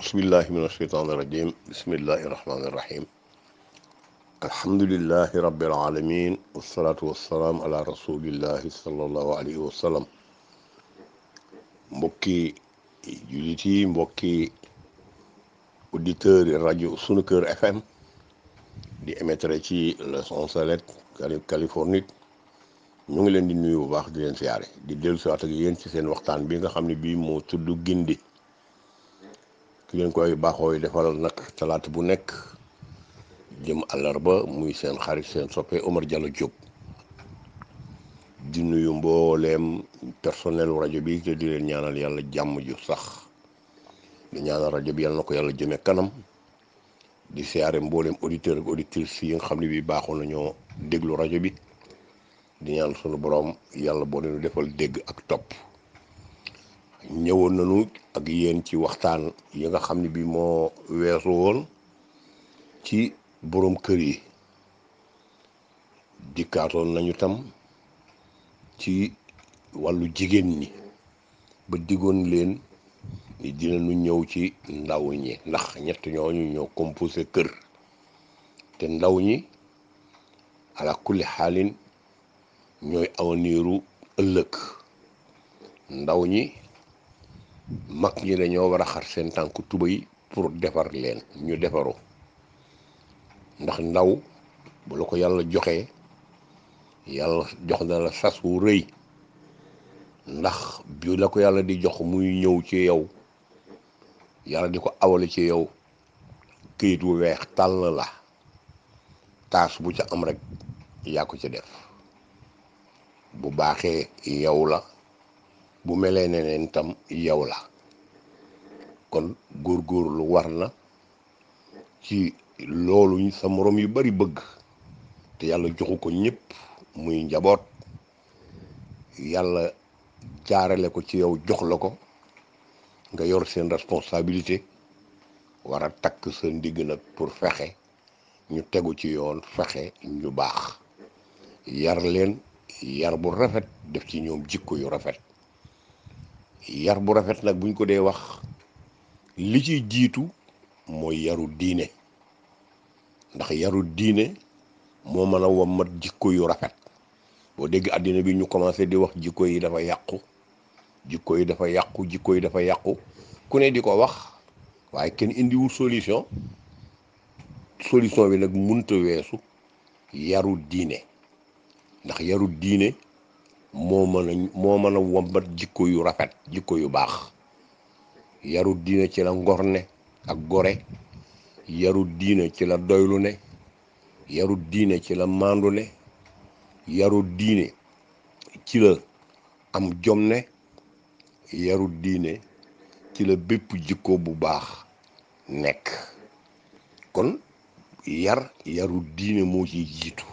بسم الله من الشيطان الرجيم بسم الله الرحمن الرحيم الحمد لله رب العالمين والصلاة والسلام على رسول الله صلى الله عليه وسلم مكي جوليتي مكي اوديتور راديو سونكر اف ام دي اميتريتي لسون سالت كاليفورنيت نيغي لين دي نيو واخ دي لين سياري دي ديل سواتك يين سي سين وقتان بيغا خامني بي مو تودو غيندي ki ngeen koy baaxooy defal nag talaata bu nekk jëm àllarba muy seen xarit seen soppe Omar Diallo Diop di nuyu mbooleem personnel rajo bi te di leen ñaanal yàlla jàmm ju sax di ñaanal rajo bi yàlla na ko yàlla jëme kanam di siyaare mbooleem auditeur ak si yi nga xam ne bi baaxoo nañoo déglu rajo bi di ñaan sunu borom yàlla boo leen defal dégg ak topp ñëwoon na nañu ak yéen ci waxtaan yi nga xam ne bi moo weesu woon ci boroom kër yi dikkaatoon nañu tam ci wàllu jigéen ñi ba diggoon leen ni dinañu ñëw ci ndaw ñi ndax ñett ñooñu ñoo composé kër te ndaw ñi ala kulli xaalin ñooy awniiru ëllëg ndaw ñi mag ñi dañoo war a xar seen tànk tubéy pour defar leen ñu defaru ndax ndaw bu la ko yàlla joxee yàlla jox na la sas wu rëy ndax bi la ko yàlla di jox muy ñëw ci yow yàlla di ko awale ci yow këyit wu weex tàll la taas bu ca am rek yàkku ko ca def bu baaxee yow la bu melee ne neen tam yow la kon góor góorgóorlu war na ci loolu sa moroom yu bari bëgg te yàlla joxu ko ñëpp muy njaboot yàlla jaarale ko ci yow jox la ko nga yor seen responsabilité war a takk sa ndigg nag pour fexe ñu tegu ci yoon fexe ñu baax yar leen yar bu rafet def ci ñoom jikko yu rafet yar bu rafet nag buñ ko dee wax li ci jiitu mooy yaru diine ndax yaru diine moo mën a wam mat jikko yu rafet boo dégg àddina bi ñu commencé di wax jikko yi dafa yàqu jikko yi dafa yàqu jikko yi dafa yàqu ku ne di ko wax waaye kenn indiwul solution solution bi nag munta weesu yaru diine ndax yaru diine moo mën a moo mën wombat jikko yu rafet jikko yu baax yaru diine ci la ngorne ne ak gore yaru diine ci la doylu ne yaru diine ci la maandu ne yaru diine ci la am jomne ne yaru diine ci la bépp jikko bu baax nekk kon yar yaru diine moo ci jiitu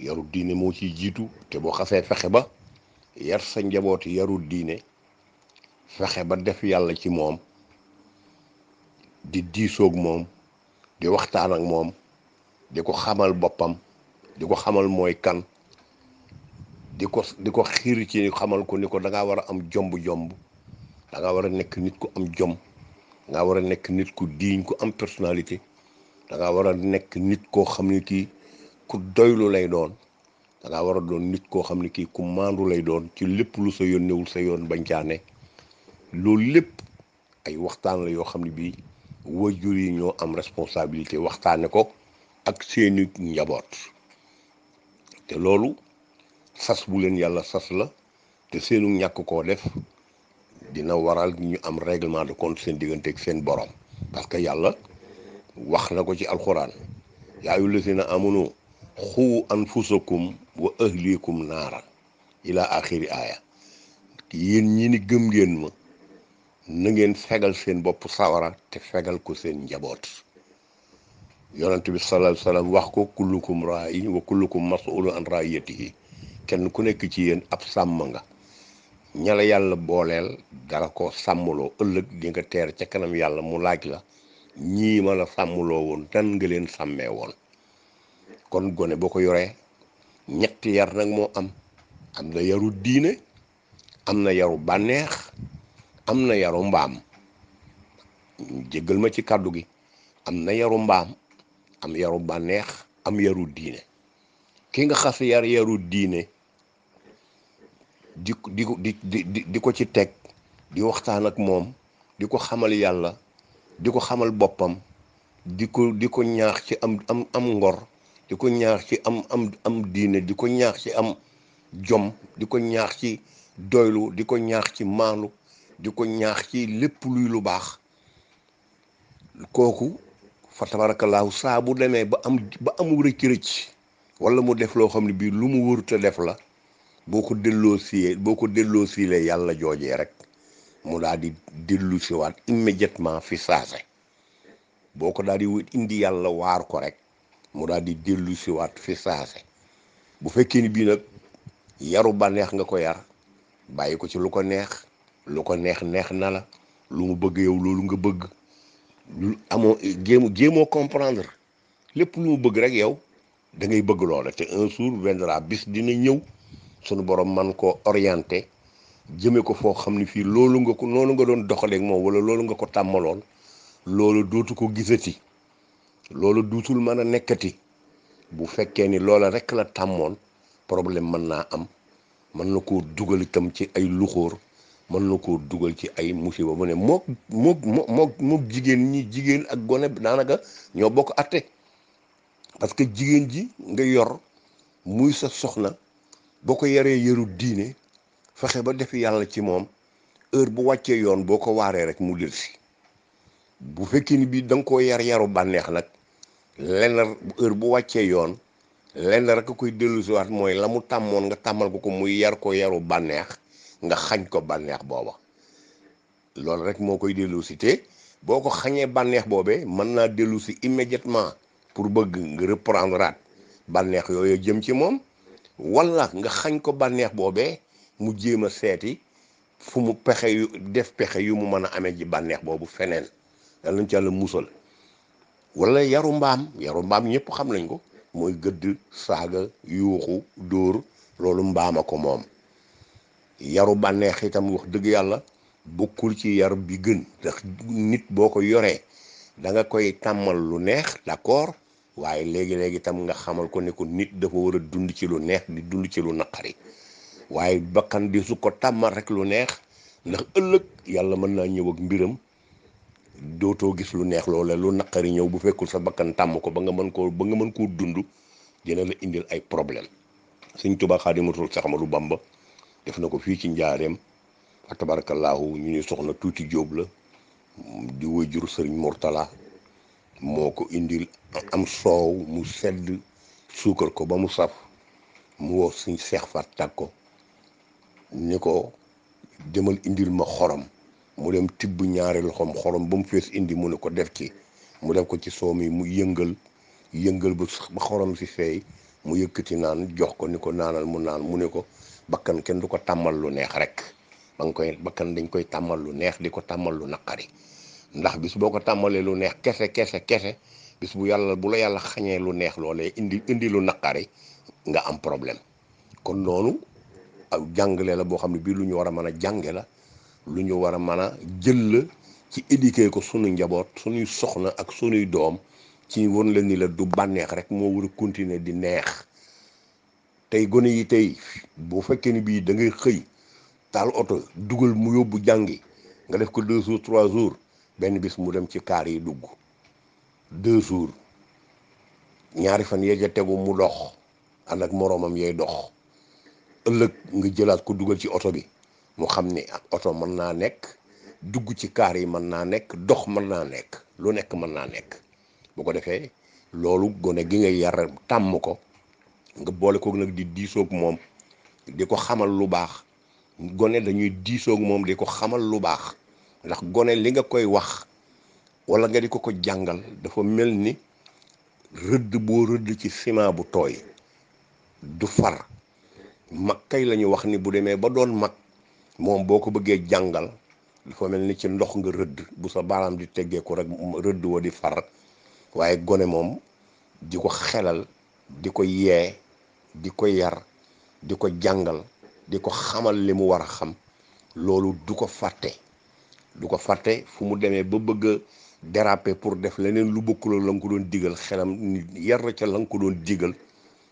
yaru diine moo ciy jiitu te boo xasee fexe ba yar sa njaboot yaru diine fexe ba def yàlla ci moom di diisoog moom di waxtaan ak moom di ko xamal boppam di ko xamal mooy kan di ko di ko xiir ci xamal ko ni ko da ngaa war a am jomb-jomb danga ngaa war a nekk nit ku am jom da ngaa war a nekk nit ku diiñ ku am personnalité danga ngaa war a nekk nit koo xam ni kii ku doylu lay doon da war a doon nit koo xam ne kii ku maandu lay doon ci lépp lu sa yoon newul sa yoon bañ caa ne loolu lépp ay waxtaan la yoo xam ne bii waajur yi ñoo am responsabilité waxtaane ko ak seeni njaboot te loolu sas yàlla sas la te seenu ñàkk koo def dina waral ñu am règlement de compte seen diggante ak seen borom parce que yàlla wax na ko ci alxuraan yaa ayyuhallazina amanu xuu anfusakum wa ahlikum naaran ila axiri aaya yéen ñi ni gëm ngeen ma na ngeen fegal seen bopp sawara te fegal ko seen njaboot yonent bi sallallahu alayhi wax ko kullukum raayin wa kullukum mas'ulun an raiyatihi kenn ku nekk ci yéen ab sàmm nga ñala yàlla booleel dala ko sàmmloo ëllëg di nga teer ca kanam yàlla mu laaj la ñii ma la sàmmloo woon tan nga leen sàmmee woon kon gone boo ko yoree ñetti yar nag moo am am na yaru diine am na yaru bànneex am na yaru mbaam jéggal ma ci kàddu gi am na yaru mbaam am yaru bànneex am yaru diine ki nga xas yar yaru diine di di di di di ko ci teg di waxtaan ak moom di ko xamal yàlla di ko xamal boppam di ko di ko ñaax ci am am ngor di ko ñaax ci am am am diine di ko ñaax ci am jom di ko ñaax ci doylu di ko ñaax ci maandu di ko ñaax ci lépp luy lu baax kooku fa tabarakallaahu saa bu demee ba am ba amul rëcc rëcc mu def loo xam ne biir lu mu wërut a def la boo ko delloo siyee boo ko delloo siile yàlla joojee rek mu daal di dellu siwaat immédiatement fi saase boo ko daal di indi yàlla waar ko rek mu daal di dellu siwaat fi saase bu fekkee ni bii nag yaru bànneex nga ko yar bàyyi ko ci lu ko neex lu ko neex neex na la lu mu bëgg yow loolu nga bëgg lu amoo jéem jéemoo comprendre lépp lu mu bëgg rek yow dangay bëgg loola te un jour viendra bis dina ñëw sunu borom man ko orienté jëme ko foo xam ne fii loolu nga ko noonu nga doon doxaleek moom wala loolu nga ko tàmmaloon loolu dootu ko gisati loolu duutul mën a nekkati bu fekkee ni loola rek la tàmmoon problème mën naa am mën na koo dugal itam ci ay luxóor mën na koo dugal ci ay musiba mu ne mook mook mook mook jigéen ñi jigéen ak gone daanaka ñoo bokk atte parce que jigéen ji nga yor muy sa soxna boo ko yaree yaru diine fexe ba def yàlla ci moom heure bu wàccee yoon boo ko waaree rek mu si bu fekkee ni bii da nga koo yar yaru bànneex nag lenn heure bu wàccee yoon lenn rek koy dellusiwaat mooy la mu tàmmoon nga tàmmal ko ko muy yar ko yaru bànneex nga xañ ko bànneex booba loolu rek moo koy dellusi boo ko xañee bànneex boobee mën naa dellusi immédiatement pour bëgg nga reprendre at bànneex yooyu jëm ci moom wala nga xañ ko bànneex boobee mu jéem a seeti fu mu pexe yu def pexe yu mu mën a amee ji bànneex boobu feneen yàlla nañ ci yàlla musal wala yaru mbaam yaru mbaam ñëpp xam nañ ko mooy gëdd saaga yuuxu dóor loolu mbaama ko moom yaru bànneex itam wax dëgg yàlla bukkul ci yar bi gën ndax nit boo ko yoree danga koy tàmmal lu neex d'accord waaye léegi-léegi tam nga xamal ko ne ko nit dafa war a dund ci lu neex di dund ci lu naqari waaye bakkan di su ko tàmmal rek lu neex ndax ëllëg yàlla mën naa ñëw ak mbiram dootoo gis lu neex loola lu naqari ñëw bu fekkul sa bakkan tàmm ko ba nga mën ko ba nga mën koo dund dina la indil ay problème sëñ Tuubaa Xaadimu Rasuul ma Ahmadu Bamba def na ko fii ci njaareem fa tabarakallaahu ñu ñuy soxna tuuti jóob la di wajur sëriñ Murtala moo ko indil am soow mu sedd suukar ko ba mu saf mu woo suñ seex tag ko ni ko demal indil ma xorom mu dem tibb ñaari loxoom xorom ba mu fees indi mu ne ko def ci mu def ko ci soow mi mu yëngal yëngal ba xorom si feey mu yëkkati naan jox ko ni ko naanal mu naan mu ne ko bakkan kenn du ko tàmmal lu neex rek ba nga koy bakkan dañ koy tàmmal lu neex di ko tàmmal lu naqari ndax bis boo ko tàmmalee lu neex kese kese kese bis bu yàlla bu la yàlla xañee lu neex loolee indi indi lu naqari nga am problème kon noonu jàngale la boo xam ne bii lu ñu war a mën a jànge la lu ñu war a mën a jël la ci éduquer ko sunu njaboot sunuy soxna ak sunuy doom ci won la ni la du bànneex rek moo war a continuer di neex tey gone yi tey bu fekkee ni bii dangay xëy taal oto dugal mu yóbbu jàngi nga def ko deux jours trois jours benn bis mu dem ci kaar yi dugg deux jours ñaari fan yee ja tegu mu dox ànd ak moroomam yay dox ëllëg nga jëlaat ko dugal ci oto bi mu xam ni ak oto mën naa nekk dugg ci kaar yi mën naa nekk dox mën naa nekk lu nekk mën naa nekk bu ko defee loolu gone gi nga yar tàmm ko nga boole kook nag di diisoog moom di ko xamal lu baax gone dañuy diisoog moom di ko xamal lu baax ndax gone li nga koy wax wala nga di ko ko jàngal dafa mel ni rëdd boo rëdd ci ciment bu tooy du far mag kay la wax ni bu demee ba doon mag moom boo ko bëggee jàngal fa mel ni ci ndox nga rëdd bu sa baaraam di teggeeku rek rëdd woo di far waaye gone moom di ko xelal di ko yee di ko yar di ko jàngal di ko xamal li mu war a xam loolu du ko fàtte du ko fàtte fu mu demee ba bëgg a pour def leneen lu bokkuloo la nga ko doon digal xelam yar na ca la nga ko doon digal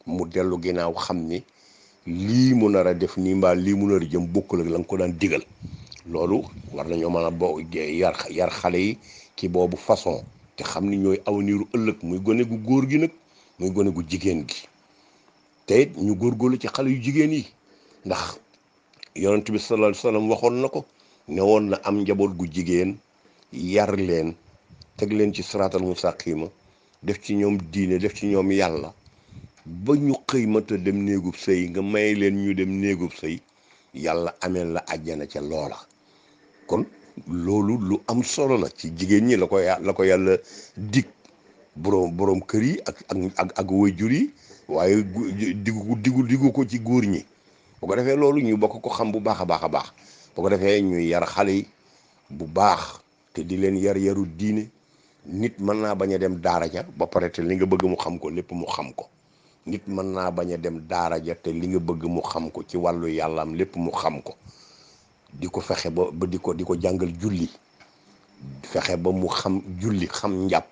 mu dellu ginnaaw xam ni lii mu nar a def nii mbaa lii mu nar a jëm bokkul ak la ko daan digal loolu war nañoo mën a bo yar yar xale yi ci boobu façon te xam ni ñooy avenir u ëllëg muy gone gu góor gi nag muy gone gu jigéen gi ñu góor góor góorgóorlu ci xale yu jigéen yi ndax yonent bi sallallahu alayhi wasallam waxoon na ko ne na am njaboot gu jigéen yar leen teg leen ci siraatal mustaqiima def ci ñoom diine def ci ñoom yàlla ba ñu xëy mata dem néegub sëy nga may leen ñu dem néegub sëy yàlla ameel la àjjana ca loola kon loolu lu am solo la ci jigéen ñi la ko la ko yàlla dig boroom kër yi ak ak ak yi waaye digu digu ko ci góor ñi bu ko defee loolu ñu bokk ko xam bu baax a baax a baax bu ko defee ñuy yar xale yi bu baax te di leen yar yaru diine nit mën naa bañ a dem daara ja ba pare te li nga bëgg mu xam ko lépp mu xam ko nit mën naa bañ a dem daara ja te li nga bëgg mu xam ko ci wàllu yàllaam lépp mu xam ko di ko fexe ba ba di ko di ko jàngal julli fexe ba mu xam julli xam njàpp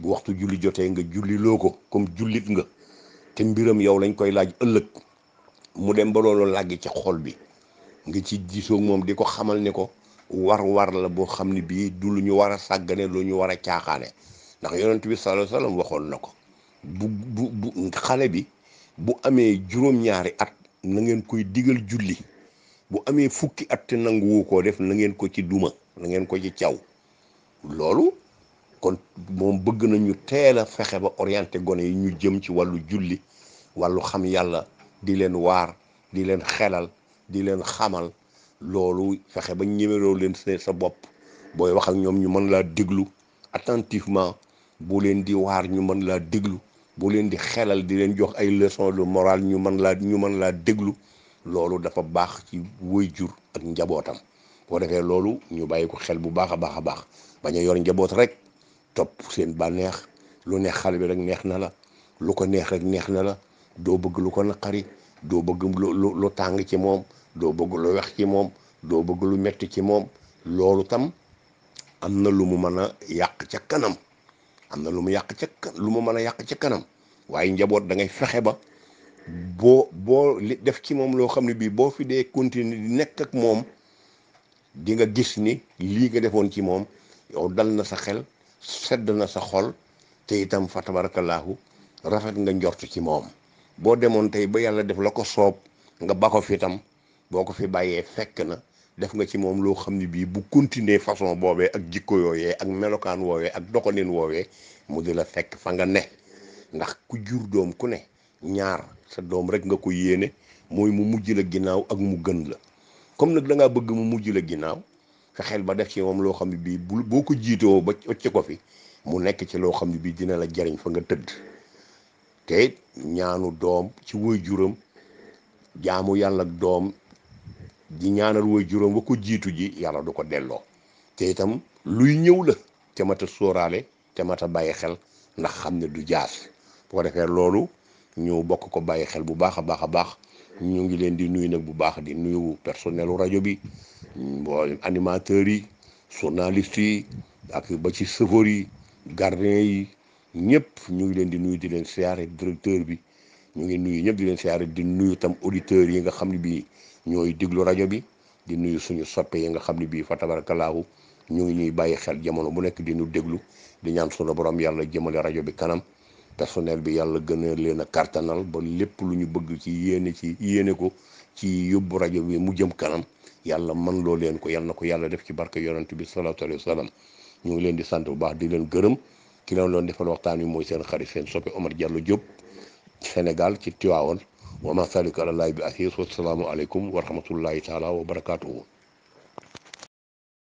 bu waxtu julli jotee nga julli loo ko comme jullit nga te mbiram yow lañ koy laaj ëllëg mu dem ba loolu làggi ci xol bi nga ci diisoog moom di ko xamal ne ko war-war la boo xam ni bii du lu ñu war a sàggane lu ñu war a caaxaane ndax yonent bi sallallahu alayhi wasallam waxoon na ko bu bu xale bi bu amee juróom-ñaari at na ngeen koy digal julli bu amee fukki at te nanguwu koo def na ngeen ko ci duma nangeen ko ci caw loolu kon moom bëgg nañu teel a fexe ba orienté gone yi ñu jëm ci wàllu julli wàllu xam yàlla di leen waar di leen xelal di leen xamal loolu fexe ba ñemeloo leen see sa bopp booy wax ak ñoom ñu mën laa déglu attentivement boo leen di waar ñu mën laa déglu bu leen di xelal di leen jox ay leçon de morale ñu mën laa ñu mën laa déglu loolu dafa baax ci jur ak njabootam boo defee loolu ñu bàyyi ko xel bu baax a baax a baax bañ yor njaboot rek topp seen bànneex lu neex xale bi rek neex na la lu ko neex rek neex na la doo bëgg lu ko naqari doo bëgg lu tàng ci moom doo bëgg lu wex ci moom doo bëgg lu metti ci moom loolu tam am na lu mu mën a yàq ca kanam am na lu mu yàq ca lu mu mën a yàq ca kanam waaye njaboot da ngay fexe ba boo boo li def ci moom loo xam ne bii boo fi dee continuer di nekk ak moom di nga gis ni lii nga defoon ci moom yow dal na sa xel sedd na sa xol te itam fa tabarakallaahu rafet nga njort ci moom boo demoon tey ba yàlla def la ko soob nga ba fi itam boo ko fi bàyyee fekk na def nga ci moom loo xam ne bii bu continuer façon boobee ak jikko yooyee ak melokaan woowee ak doxalin woowee mu di la fekk fa nga ne ndax ku jur doom ku ne ñaar sa doom rek nga ko yéene mooy mu mujj la ginnaaw ak mu gën la comme nag danga bëgg mu mujj la ginnaaw xel ba def ci moom loo xam ne bii bu boo ko jiitoo ba occ ko fi mu nekk ci loo xam ne bii dina la jariñ fa nga tëdd te ñaanu doom ci woy juram jaamu yàlla doom di ñaanal way juróom wa ko jiitu ji yàlla du ko delloo te itam luy ñëw la te mat a sóoraale te mat a bàyyi xel ndax xam ne du jaas bu defee loolu ñu bokk ko bàyyi xel bu baax a baax a baax ñu ngi leen di nuyu nag bu baax di nuyu personnel rajo bi mboolem animateurs yi journalistes yi ak ba ci chauffeur yi gardien yi ñëpp ñu ngi leen di nuyu di leen siyaare directeur bi ñu ngi nuyu ñëpp di leen siyaare di nuyu tam auditeurs yi nga xam ne bii ñooy déglu rajo bi di nuyu suñu soppe yi nga xam ne bii fa tabarakallaahu ñu ngi ñuy bàyyi xel jamono bu nekk di ñu déglu di ñaan sunu borom yàlla jëmale rajo bi kanam personnel bi yàlla gën a leen a kartanal ba lépp lu ñu bëgg ci yéene ci yéene ko ci yóbbu rajo bi mu jëm kanam yàlla man loo leen ko yal ko yàlla def ci barke yonent bi salaatu alayhi wa salaam ñu ngi leen di sant bu baax di leen gërëm ki leen doon defal waxtaan wi mooy seen xari seen soppe Omar Diallo Diop Sénégal ci وما ذلك على الله بأثير والسلام عليكم ورحمة الله تعالى وبركاته